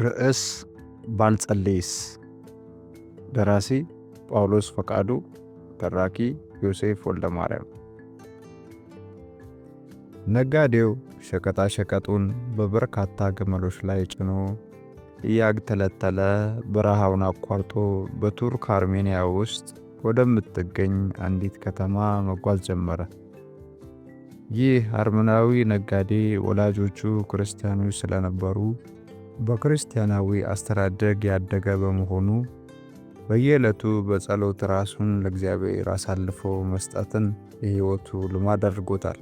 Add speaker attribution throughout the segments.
Speaker 1: ርዕስ ባልጸልይስ ደራሲ ጳውሎስ ፈቃዱ ተራኪ ዮሴፍ ወልደማርያም ነጋዴው ሸቀጣሸቀጡን በበርካታ ግመሎች ላይ ጭኖ እያግተለተለ በረሃውን አቋርጦ በቱርክ አርሜንያ ውስጥ ወደምትገኝ አንዲት ከተማ መጓዝ ጀመረ። ይህ አርመናዊ ነጋዴ ወላጆቹ ክርስቲያኖች ስለነበሩ በክርስቲያናዊ አስተዳደግ ያደገ በመሆኑ በየዕለቱ በጸሎት ራሱን ለእግዚአብሔር አሳልፎ መስጠትን የሕይወቱ ልማድ አድርጎታል።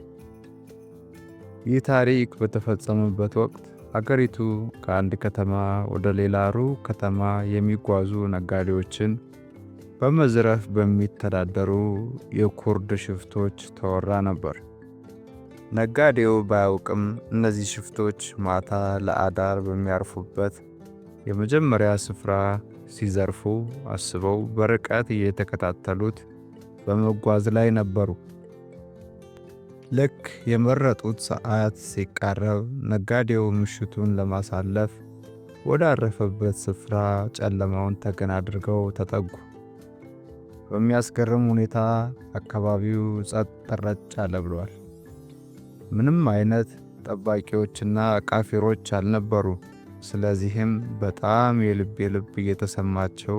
Speaker 1: ይህ ታሪክ በተፈጸመበት ወቅት አገሪቱ ከአንድ ከተማ ወደ ሌላ ሩቅ ከተማ የሚጓዙ ነጋዴዎችን በመዝረፍ በሚተዳደሩ የኩርድ ሽፍቶች ተወራ ነበር። ነጋዴው ባያውቅም እነዚህ ሽፍቶች ማታ ለአዳር በሚያርፉበት የመጀመሪያ ስፍራ ሲዘርፉ አስበው በርቀት እየተከታተሉት በመጓዝ ላይ ነበሩ። ልክ የመረጡት ሰዓት ሲቃረብ ነጋዴው ምሽቱን ለማሳለፍ ወዳረፈበት ስፍራ ጨለማውን ተገን አድርገው ተጠጉ። በሚያስገርም ሁኔታ አካባቢው ጸጥ ጠረጭ አለ ብሏል። ምንም አይነት ጠባቂዎችና ቃፊሮች አልነበሩ። ስለዚህም በጣም የልብ የልብ እየተሰማቸው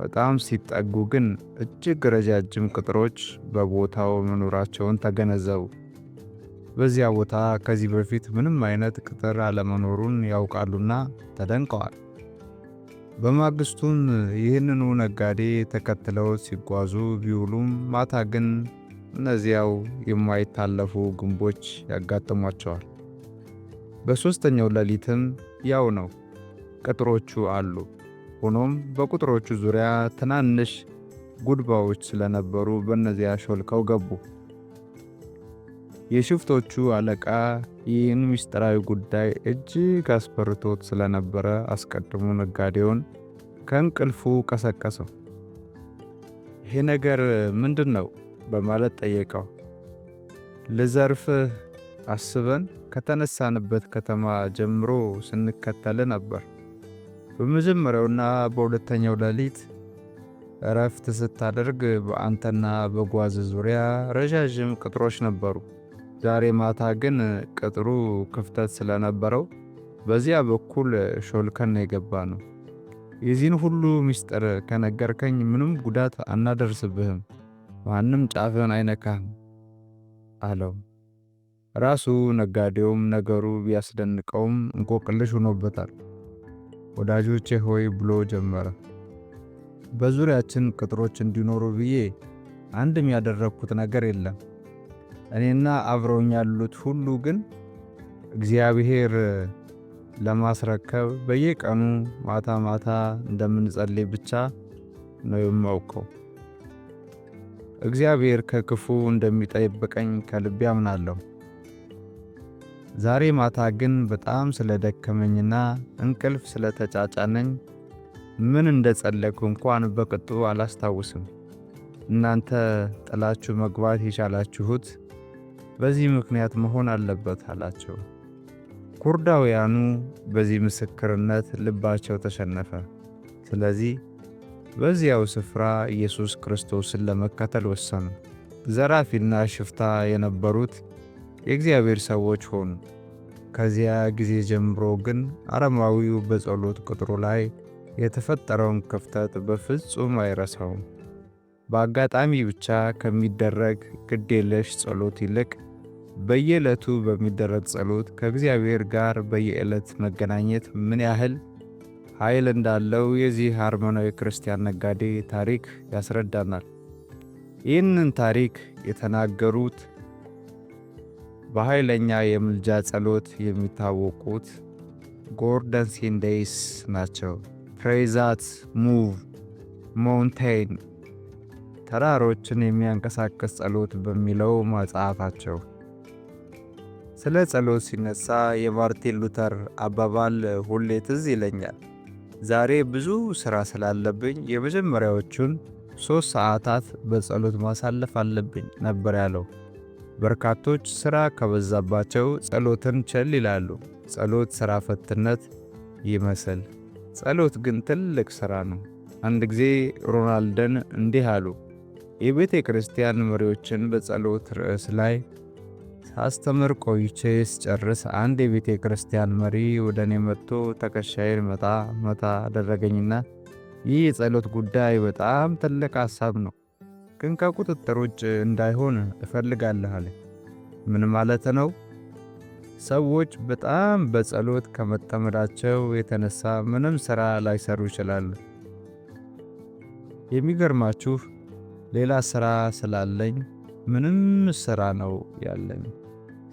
Speaker 1: በጣም ሲጠጉ ግን እጅግ ረጃጅም ቅጥሮች በቦታው መኖራቸውን ተገነዘቡ። በዚያ ቦታ ከዚህ በፊት ምንም አይነት ቅጥር አለመኖሩን ያውቃሉና ተደንቀዋል። በማግስቱም ይህንኑ ነጋዴ ተከትለው ሲጓዙ ቢውሉም ማታ ግን እነዚያው የማይታለፉ ግንቦች ያጋጥሟቸዋል። በሦስተኛው ሌሊትም ያው ነው፣ ቅጥሮቹ አሉ። ሆኖም በቅጥሮቹ ዙሪያ ትናንሽ ጉድባዎች ስለነበሩ በእነዚያ ሾልከው ገቡ። የሽፍቶቹ አለቃ ይህን ምስጢራዊ ጉዳይ እጅግ አስፈርቶት ስለነበረ አስቀድሞ ነጋዴውን ከእንቅልፉ ቀሰቀሰው። ይሄ ነገር ምንድን ነው? በማለት ጠየቀው። ልዘርፍህ አስበን ከተነሳንበት ከተማ ጀምሮ ስንከተል ነበር። በመጀመሪያውና በሁለተኛው ሌሊት እረፍት ስታደርግ በአንተና በጓዝ ዙሪያ ረዣዥም ቅጥሮች ነበሩ። ዛሬ ማታ ግን ቅጥሩ ክፍተት ስለነበረው በዚያ በኩል ሾልከን የገባ ነው። የዚህን ሁሉ ምስጢር ከነገርከኝ ምንም ጉዳት አናደርስብህም ማንም ጫፍን አይነካህም አለው። ራሱ ነጋዴውም ነገሩ ቢያስደንቀውም እንቆቅልሽ ሆኖበታል። ወዳጆቼ ሆይ ብሎ ጀመረ። በዙሪያችን ቅጥሮች እንዲኖሩ ብዬ አንድም ያደረግኩት ነገር የለም። እኔና አብረውኝ ያሉት ሁሉ ግን እግዚአብሔር ለማስረከብ በየቀኑ ማታ ማታ እንደምንጸልይ ብቻ ነው የማውቀው። እግዚአብሔር ከክፉ እንደሚጠብቀኝ ከልቤ አምናለሁ። ዛሬ ማታ ግን በጣም ስለደከመኝና እንቅልፍ ስለተጫጫነኝ ምን እንደጸለይኩ እንኳን በቅጡ አላስታውስም። እናንተ ጥላችሁ መግባት የቻላችሁት በዚህ ምክንያት መሆን አለበት አላቸው። ኩርዳውያኑ በዚህ ምስክርነት ልባቸው ተሸነፈ። ስለዚህ በዚያው ስፍራ ኢየሱስ ክርስቶስን ለመከተል ወሰኑ። ዘራፊና ሽፍታ የነበሩት የእግዚአብሔር ሰዎች ሆኑ። ከዚያ ጊዜ ጀምሮ ግን አረማዊው በጸሎት ቅጥሩ ላይ የተፈጠረውን ክፍተት በፍጹም አይረሳውም። በአጋጣሚ ብቻ ከሚደረግ ግዴለሽ ጸሎት ይልቅ በየዕለቱ በሚደረግ ጸሎት ከእግዚአብሔር ጋር በየዕለት መገናኘት ምን ያህል ኃይል እንዳለው የዚህ አርመናዊ ክርስቲያን ነጋዴ ታሪክ ያስረዳናል። ይህንን ታሪክ የተናገሩት በኃይለኛ የምልጃ ጸሎት የሚታወቁት ጎርደን ሲንዴይስ ናቸው። ፕሬዛት ሙቭ ሞውንቴን ተራሮችን የሚያንቀሳቅስ ጸሎት በሚለው መጽሐፋቸው ስለ ጸሎት ሲነሳ የማርቲን ሉተር አባባል ሁሌ ትዝ ይለኛል። ዛሬ ብዙ ሥራ ስላለብኝ የመጀመሪያዎቹን ሶስት ሰዓታት በጸሎት ማሳለፍ አለብኝ ነበር ያለው። በርካቶች ሥራ ከበዛባቸው ጸሎትን ቸል ይላሉ። ጸሎት ሥራ ፈትነት ይመስል፣ ጸሎት ግን ትልቅ ሥራ ነው። አንድ ጊዜ ሮናልደን እንዲህ አሉ፣ የቤተ ክርስቲያን መሪዎችን በጸሎት ርዕስ ላይ ሳስተምር ቆይቼ ስጨርስ አንድ የቤተ ክርስቲያን መሪ ወደ እኔ መጥቶ ተከሻይን መታ መታ አደረገኝና ይህ የጸሎት ጉዳይ በጣም ትልቅ ሐሳብ ነው፣ ግን ከቁጥጥር ውጭ እንዳይሆን እፈልጋለሁ አለ። ምን ማለት ነው? ሰዎች በጣም በጸሎት ከመጠመዳቸው የተነሳ ምንም ሥራ ላይሰሩ ይችላሉ። የሚገርማችሁ ሌላ ሥራ ስላለኝ ምንም ሥራ ነው ያለኝ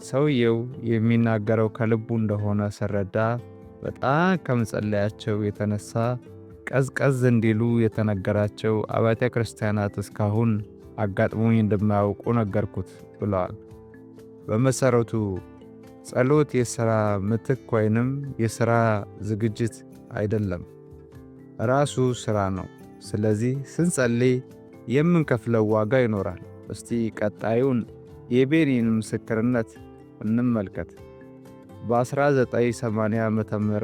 Speaker 1: ሰውየው የሚናገረው ከልቡ እንደሆነ ስረዳ በጣም ከምጸለያቸው የተነሳ ቀዝቀዝ እንዲሉ የተነገራቸው አብያተ ክርስቲያናት እስካሁን አጋጥሞኝ እንደማያውቁ ነገርኩት ብለዋል። በመሰረቱ ጸሎት የሥራ ምትክ ወይንም የሥራ ዝግጅት አይደለም፣ ራሱ ሥራ ነው። ስለዚህ ስንጸልይ የምንከፍለው ዋጋ ይኖራል። እስቲ ቀጣዩን የቤኒን ምስክርነት እንመልከት። በ1980 ም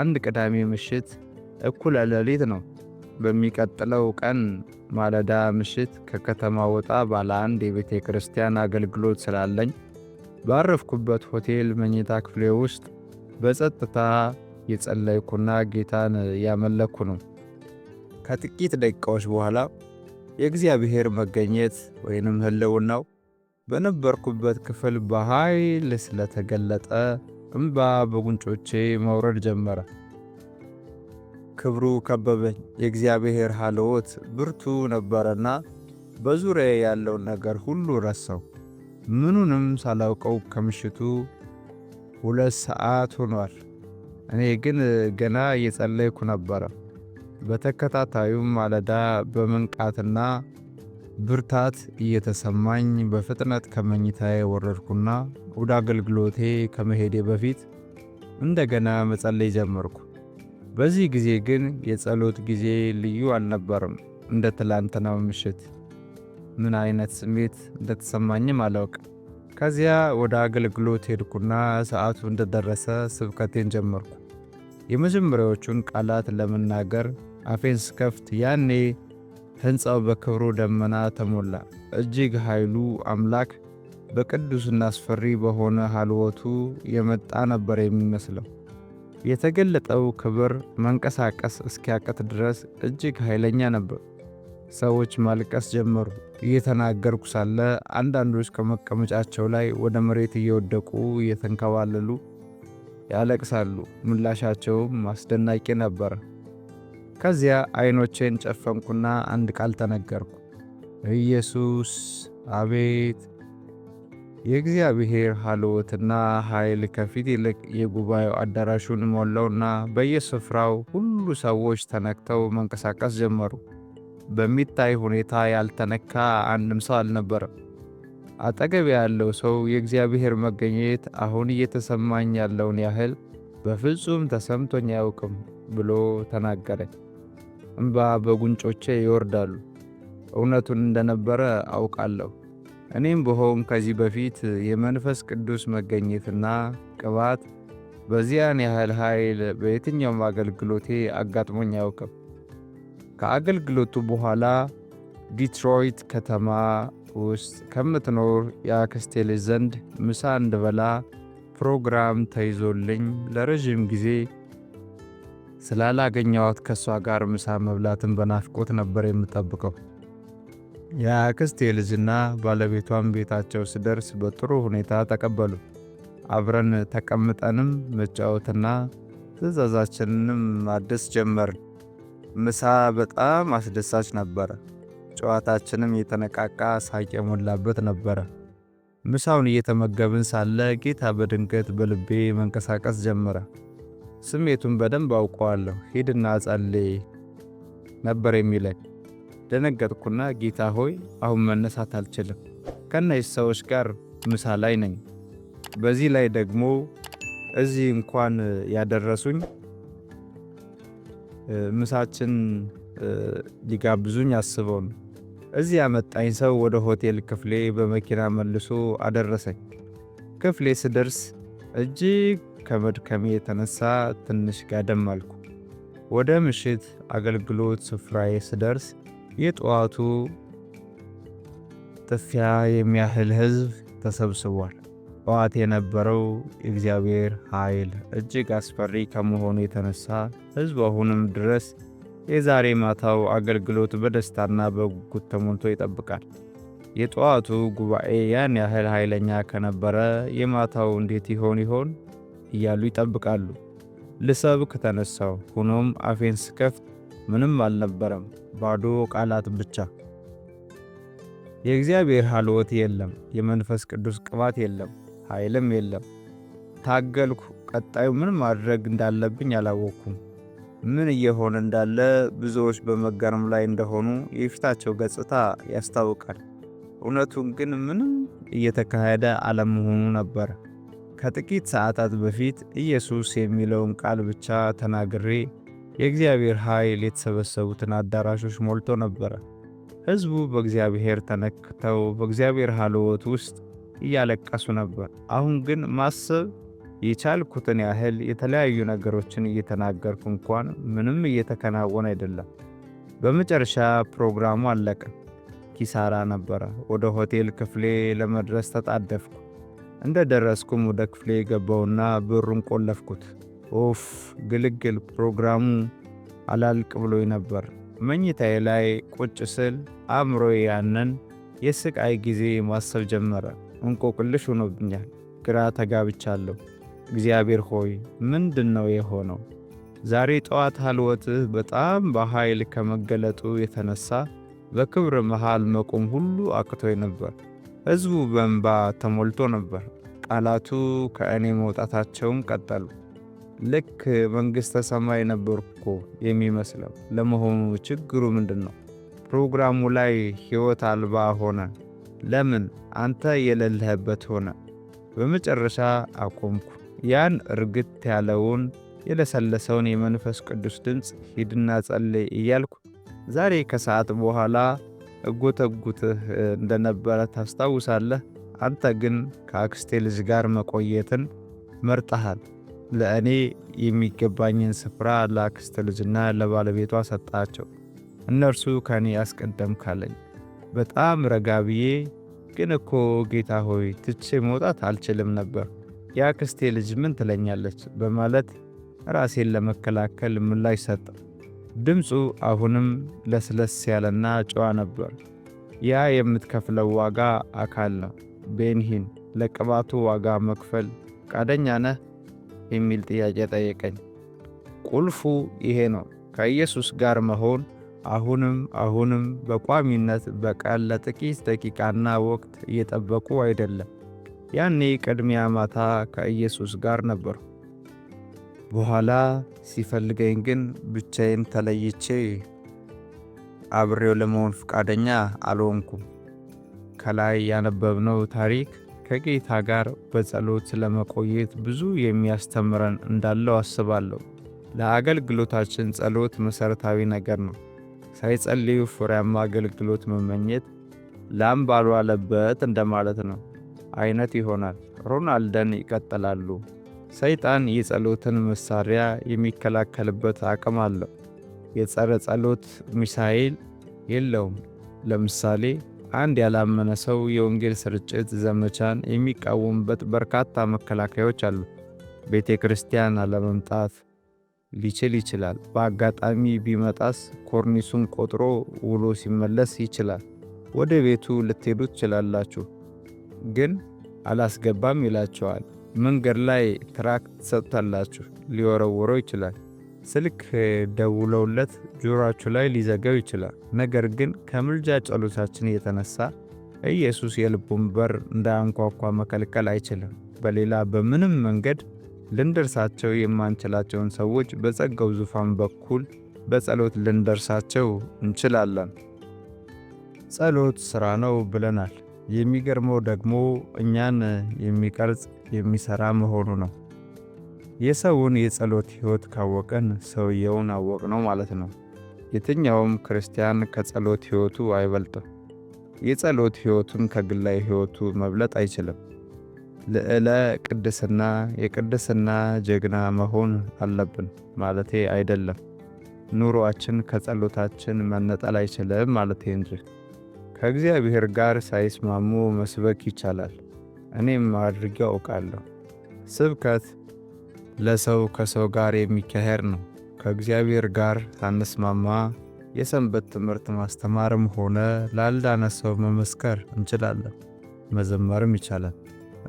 Speaker 1: አንድ ቅዳሜ ምሽት እኩለ ሌሊት ነው። በሚቀጥለው ቀን ማለዳ ምሽት ከከተማ ወጣ ባለ አንድ የቤተ ክርስቲያን አገልግሎት ስላለኝ ባረፍኩበት ሆቴል መኝታ ክፍሌ ውስጥ በጸጥታ የጸለይኩና ጌታን ያመለኩ ነው። ከጥቂት ደቂቃዎች በኋላ የእግዚአብሔር መገኘት ወይንም ህልውናው በነበርኩበት ክፍል በኃይል ስለተገለጠ እምባ በጉንጮቼ መውረድ ጀመረ። ክብሩ ከበበኝ። የእግዚአብሔር ሃልዎት ብርቱ ነበረና በዙሪያ ያለውን ነገር ሁሉ ረሳው። ምኑንም ሳላውቀው ከምሽቱ ሁለት ሰዓት ሆኗል። እኔ ግን ገና እየጸለይኩ ነበረ። በተከታታዩም ማለዳ በመንቃትና ብርታት እየተሰማኝ በፍጥነት ከመኝታዬ ወረድኩና ወደ አገልግሎቴ ከመሄዴ በፊት እንደገና መጸለይ ጀመርኩ። በዚህ ጊዜ ግን የጸሎት ጊዜ ልዩ አልነበርም እንደ ትላንትናው ምሽት። ምን አይነት ስሜት እንደተሰማኝም አላውቅ። ከዚያ ወደ አገልግሎት ሄድኩና ሰዓቱ እንደደረሰ ስብከቴን ጀመርኩ። የመጀመሪያዎቹን ቃላት ለመናገር አፌን ስከፍት ያኔ ሕንፃው በክብሩ ደመና ተሞላ። እጅግ ኃይሉ አምላክ በቅዱስና አስፈሪ በሆነ ሀልወቱ የመጣ ነበር የሚመስለው። የተገለጠው ክብር መንቀሳቀስ እስኪያቅት ድረስ እጅግ ኃይለኛ ነበር። ሰዎች ማልቀስ ጀመሩ። እየተናገርኩ ሳለ አንዳንዶች ከመቀመጫቸው ላይ ወደ መሬት እየወደቁ እየተንከባለሉ ያለቅሳሉ። ምላሻቸውም አስደናቂ ነበር። ከዚያ አይኖቼን ጨፈንኩና አንድ ቃል ተነገርኩ፣ ኢየሱስ አቤት። የእግዚአብሔር ሀልወትና ኃይል ከፊት ይልቅ የጉባኤው አዳራሹን ሞላውና በየስፍራው ሁሉ ሰዎች ተነክተው መንቀሳቀስ ጀመሩ። በሚታይ ሁኔታ ያልተነካ አንድም ሰው አልነበረም። አጠገብ ያለው ሰው የእግዚአብሔር መገኘት አሁን እየተሰማኝ ያለውን ያህል በፍጹም ተሰምቶኝ አያውቅም ብሎ ተናገረኝ። እምባ በጉንጮቼ ይወርዳሉ። እውነቱን እንደነበረ አውቃለሁ። እኔም ብሆን ከዚህ በፊት የመንፈስ ቅዱስ መገኘትና ቅባት በዚያን ያህል ኃይል በየትኛውም አገልግሎቴ አጋጥሞኝ አያውቅም። ከአገልግሎቱ በኋላ ዲትሮይት ከተማ ውስጥ ከምትኖር የአክስቴ ልጅ ዘንድ ምሳ እንድበላ ፕሮግራም ተይዞልኝ ለረዥም ጊዜ ስላላገኘዋት ከእሷ ጋር ምሳ መብላትን በናፍቆት ነበር የምጠብቀው። የአክስቴ ልጅና ባለቤቷን ቤታቸው ስደርስ በጥሩ ሁኔታ ተቀበሉ። አብረን ተቀምጠንም መጫወትና ትዕዛዛችንንም ማደስ ጀመር። ምሳ በጣም አስደሳች ነበረ። ጨዋታችንም የተነቃቃ ሳቅ የሞላበት ነበረ። ምሳውን እየተመገብን ሳለ ጌታ በድንገት በልቤ መንቀሳቀስ ጀመረ። ስሜቱን በደንብ አውቀዋለሁ። ሂድና ጸልይ ነበር የሚለኝ። ደነገጥኩና ጌታ ሆይ አሁን መነሳት አልችልም፣ ከነዚህ ሰዎች ጋር ምሳ ላይ ነኝ። በዚህ ላይ ደግሞ እዚህ እንኳን ያደረሱኝ ምሳችን ሊጋብዙኝ አስበው ነው። እዚህ ያመጣኝ ሰው ወደ ሆቴል ክፍሌ በመኪና መልሶ አደረሰኝ። ክፍሌ ስደርስ እጅግ ከመድከሜ የተነሳ ትንሽ ጋደም አልኩ። ወደ ምሽት አገልግሎት ስፍራዬ ስደርስ የጠዋቱ ጥፊያ የሚያህል ሕዝብ ተሰብስቧል። ጠዋት የነበረው የእግዚአብሔር ኃይል እጅግ አስፈሪ ከመሆኑ የተነሳ ሕዝብ አሁንም ድረስ የዛሬ ማታው አገልግሎት በደስታና በጉጉት ተሞልቶ ይጠብቃል። የጠዋቱ ጉባኤ ያን ያህል ኃይለኛ ከነበረ የማታው እንዴት ይሆን ይሆን? እያሉ ይጠብቃሉ። ልሰብክ ተነሳው። ሆኖም አፌን ስከፍት ምንም አልነበረም፣ ባዶ ቃላት ብቻ። የእግዚአብሔር ሃልወት የለም፣ የመንፈስ ቅዱስ ቅባት የለም፣ ኃይልም የለም። ታገልኩ። ቀጣዩ ምን ማድረግ እንዳለብኝ አላወቅኩም። ምን እየሆነ እንዳለ ብዙዎች በመገረም ላይ እንደሆኑ የፊታቸው ገጽታ ያስታውቃል። እውነቱን ግን ምንም እየተካሄደ አለመሆኑ ነበር። ከጥቂት ሰዓታት በፊት ኢየሱስ የሚለውን ቃል ብቻ ተናግሬ የእግዚአብሔር ኃይል የተሰበሰቡትን አዳራሾች ሞልቶ ነበረ። ሕዝቡ በእግዚአብሔር ተነክተው በእግዚአብሔር ሃልወት ውስጥ እያለቀሱ ነበር። አሁን ግን ማሰብ የቻልኩትን ያህል የተለያዩ ነገሮችን እየተናገርኩ እንኳን ምንም እየተከናወነ አይደለም። በመጨረሻ ፕሮግራሙ አለቀ። ኪሳራ ነበረ። ወደ ሆቴል ክፍሌ ለመድረስ ተጣደፍኩ። እንደ ደረስኩም ወደ ክፍሌ የገባውና ብሩን ቆለፍኩት። ኡፍ ግልግል! ፕሮግራሙ አላልቅ ብሎኝ ነበር። መኝታዬ ላይ ቁጭ ስል አእምሮዬ ያንን የስቃይ ጊዜ ማሰብ ጀመረ። እንቆቅልሽ ሆኖብኛል። ግራ ተጋብቻለሁ። እግዚአብሔር ሆይ ምንድን ነው የሆነው? ዛሬ ጠዋት ሀልወትህ በጣም በኃይል ከመገለጡ የተነሳ በክብር መሃል መቆም ሁሉ አቅቶኝ ነበር። ሕዝቡ በእንባ ተሞልቶ ነበር። ቃላቱ ከእኔ መውጣታቸውን ቀጠሉ። ልክ መንግሥተ ሰማይ ነበርኩ የሚመስለው። ለመሆኑ ችግሩ ምንድን ነው? ፕሮግራሙ ላይ ሕይወት አልባ ሆነ። ለምን አንተ የሌለህበት ሆነ? በመጨረሻ አቆምኩ። ያን እርግት ያለውን የለሰለሰውን የመንፈስ ቅዱስ ድምፅ ሂድና ጸልይ እያልኩ ዛሬ ከሰዓት በኋላ እጎተጉትህ እንደነበረ ታስታውሳለህ። አንተ ግን ከአክስቴ ልጅ ጋር መቆየትን መርጠሃል። ለእኔ የሚገባኝን ስፍራ ለአክስት ልጅና ለባለቤቷ ሰጣቸው። እነርሱ ከኔ አስቀደም ካለኝ በጣም ረጋ ብዬ ግን እኮ ጌታ ሆይ ትቼ መውጣት አልችልም ነበር። የአክስቴ ልጅ ምን ትለኛለች? በማለት ራሴን ለመከላከል ምላሽ ሰጠ። ድምፁ አሁንም ለስለስ ያለና ጨዋ ነበር። ያ የምትከፍለው ዋጋ አካል ነው። ቤንሂን ለቅባቱ ዋጋ መክፈል ፈቃደኛ ነህ የሚል ጥያቄ ጠየቀኝ። ቁልፉ ይሄ ነው። ከኢየሱስ ጋር መሆን አሁንም አሁንም በቋሚነት በቀን ለጥቂት ደቂቃና ወቅት እየጠበቁ አይደለም። ያኔ ቅድሚያ ማታ ከኢየሱስ ጋር ነበርኩ። በኋላ ሲፈልገኝ ግን ብቻዬን ተለይቼ አብሬው ለመሆን ፈቃደኛ አልሆንኩም። ከላይ ያነበብነው ታሪክ ከጌታ ጋር በጸሎት ለመቆየት ብዙ የሚያስተምረን እንዳለው አስባለሁ። ለአገልግሎታችን ጸሎት መሠረታዊ ነገር ነው። ሳይጸልዩ ፍሬያማ አገልግሎት መመኘት ላም ባልዋለበት እንደማለት ነው አይነት ይሆናል። ሮናልደን ይቀጥላሉ። ሰይጣን የጸሎትን መሳሪያ የሚከላከልበት አቅም አለው። የጸረ ጸሎት ሚሳኤል የለውም። ለምሳሌ አንድ ያላመነ ሰው የወንጌል ስርጭት ዘመቻን የሚቃወሙበት በርካታ መከላከያዎች አሉ። ቤተ ክርስቲያን አለመምጣት ሊችል ይችላል። በአጋጣሚ ቢመጣስ ኮርኒሱን ቆጥሮ ውሎ ሲመለስ ይችላል። ወደ ቤቱ ልትሄዱ ትችላላችሁ፣ ግን አላስገባም ይላቸዋል። መንገድ ላይ ትራክት ሰጥታላችሁ ሊወረውረው ይችላል። ስልክ ደውለውለት ጆሮችሁ ላይ ሊዘገው ይችላል። ነገር ግን ከምልጃ ጸሎታችን የተነሳ ኢየሱስ የልቡን በር እንዳያንኳኳ መከልከል አይችልም። በሌላ በምንም መንገድ ልንደርሳቸው የማንችላቸውን ሰዎች በጸጋው ዙፋን በኩል በጸሎት ልንደርሳቸው እንችላለን። ጸሎት ሥራ ነው ብለናል። የሚገርመው ደግሞ እኛን የሚቀርጽ የሚሰራ መሆኑ ነው። የሰውን የጸሎት ሕይወት ካወቀን ሰውየውን ነው ማለት ነው። የትኛውም ክርስቲያን ከጸሎት ሕይወቱ አይበልጥም። የጸሎት ሕይወቱን ከግላዊ ሕይወቱ መብለጥ አይችልም። ልዕለ ቅድስና የቅድስና ጀግና መሆን አለብን ማለቴ አይደለም። ኑሮአችን ከጸሎታችን መነጠል አይችልም ማለቴ እንጂ። ከእግዚአብሔር ጋር ሳይስማሙ መስበክ ይቻላል። እኔም አድርጌ አውቃለሁ። ስብከት ለሰው ከሰው ጋር የሚካሄድ ነው። ከእግዚአብሔር ጋር ሳንስማማ የሰንበት ትምህርት ማስተማርም ሆነ ላልዳነ ሰው መመስከር እንችላለን፣ መዘመርም ይቻላል።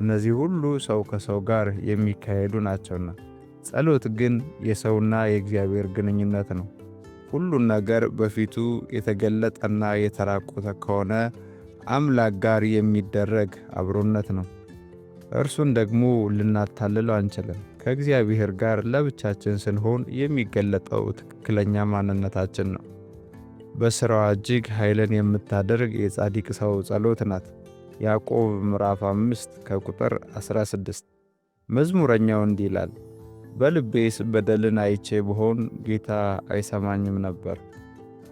Speaker 1: እነዚህ ሁሉ ሰው ከሰው ጋር የሚካሄዱ ናቸውና። ጸሎት ግን የሰውና የእግዚአብሔር ግንኙነት ነው። ሁሉን ነገር በፊቱ የተገለጠና የተራቆተ ከሆነ አምላክ ጋር የሚደረግ አብሮነት ነው። እርሱን ደግሞ ልናታልለው አንችልም። ከእግዚአብሔር ጋር ለብቻችን ስንሆን የሚገለጠው ትክክለኛ ማንነታችን ነው። በሥራዋ እጅግ ኃይልን የምታደርግ የጻድቅ ሰው ጸሎት ናት። ያዕቆብ ምዕራፍ 5 ከቁጥር 16። መዝሙረኛው እንዲህ ይላል፣ በልቤስ በደልን አይቼ ብሆን ጌታ አይሰማኝም ነበር።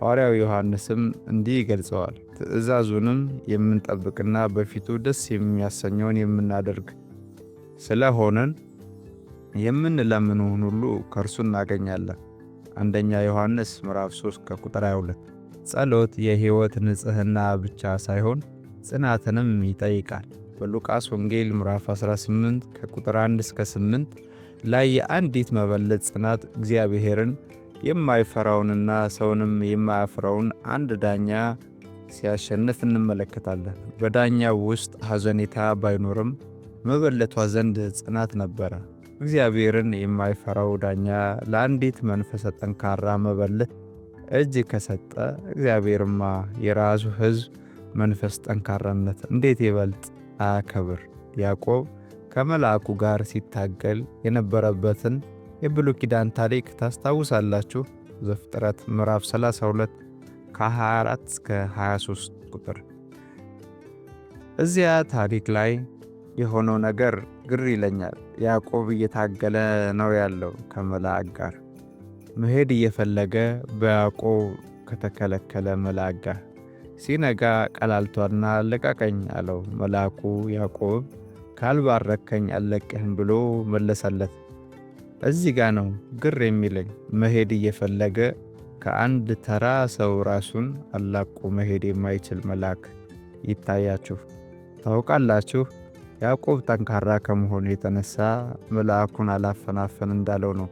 Speaker 1: ሐዋርያው ዮሐንስም እንዲህ ይገልጸዋል። ትእዛዙንም የምንጠብቅና በፊቱ ደስ የሚያሰኘውን የምናደርግ ስለሆነን የምንለምንውን ሁሉ ከእርሱ እናገኛለን። አንደኛ ዮሐንስ ምዕራፍ 3 ከቁጥር 22። ጸሎት የሕይወት ንጽህና ብቻ ሳይሆን ጽናትንም ይጠይቃል። በሉቃስ ወንጌል ምዕራፍ 18 ከቁጥር 1 እስከ 8 ላይ የአንዲት መበለት ጽናት እግዚአብሔርን የማይፈራውንና ሰውንም የማያፍራውን አንድ ዳኛ ሲያሸንፍ እንመለከታለን። በዳኛው ውስጥ ሐዘኔታ ባይኖርም መበለቷ ዘንድ ጽናት ነበረ። እግዚአብሔርን የማይፈራው ዳኛ ለአንዲት መንፈሰ ጠንካራ መበለት እጅ ከሰጠ እግዚአብሔርማ የራሱ ሕዝብ መንፈስ ጠንካራነት እንዴት ይበልጥ አያከብር? ያዕቆብ ከመልአኩ ጋር ሲታገል የነበረበትን የብሉይ ኪዳን ታሪክ ታስታውሳላችሁ። ዘፍጥረት ምዕራፍ 32 ከ24 እስከ 23 ቁጥር እዚያ ታሪክ ላይ የሆነው ነገር ግር ይለኛል። ያዕቆብ እየታገለ ነው ያለው ከመላእክ ጋር መሄድ እየፈለገ በያዕቆብ ከተከለከለ መላእክ ጋር ሲነጋ ቀላልቷና አለቃቀኝ አለው። መልአኩ ያዕቆብ ካልባረከኝ አለቅህም ብሎ መለሰለት። እዚህ ጋ ነው ግር የሚለኝ መሄድ እየፈለገ ከአንድ ተራ ሰው ራሱን አላቆ መሄድ የማይችል መልአክ ይታያችሁ ታውቃላችሁ። ያዕቆብ ጠንካራ ከመሆኑ የተነሳ መልአኩን አላፈናፈን እንዳለው ነው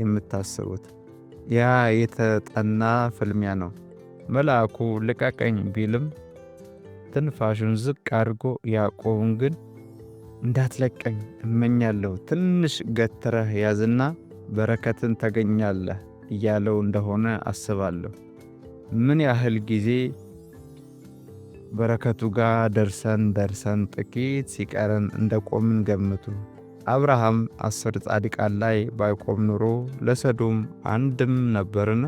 Speaker 1: የምታስቡት። ያ የተጠና ፍልሚያ ነው። መልአኩ ልቀቀኝ ቢልም ትንፋሹን ዝቅ አድርጎ ያዕቆብን ግን እንዳትለቀኝ እመኛለሁ፣ ትንሽ ገትረህ ያዝና በረከትን ተገኛለህ እያለው እንደሆነ አስባለሁ። ምን ያህል ጊዜ በረከቱ ጋር ደርሰን ደርሰን ጥቂት ሲቀረን እንደቆምን ገምቱ። አብርሃም አስር ጻድቃን ላይ ባይቆም ኑሮ ለሰዶም አንድም ነበርን?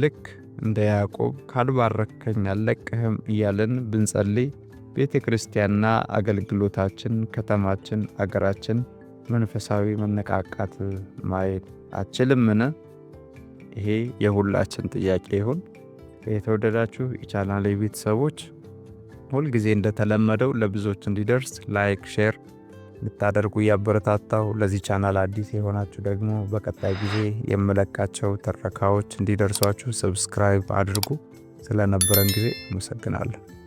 Speaker 1: ልክ እንደ ያዕቆብ ካልባረከኝ አልለቅህም እያለን ብንጸልይ ቤተ ክርስቲያንና አገልግሎታችን፣ ከተማችን፣ አገራችን መንፈሳዊ መነቃቃት ማየት አችልምን? ይሄ የሁላችን ጥያቄ ይሁን። የተወደዳችሁ የቻናሌ ቤተሰቦች ሁልጊዜ እንደተለመደው ለብዙዎች እንዲደርስ ላይክ፣ ሼር ልታደርጉ እያበረታታው ለዚህ ቻናል አዲስ የሆናችሁ ደግሞ በቀጣይ ጊዜ የምለቃቸው ትረካዎች እንዲደርሷችሁ ሰብስክራይብ አድርጉ። ስለነበረን ጊዜ አመሰግናለሁ።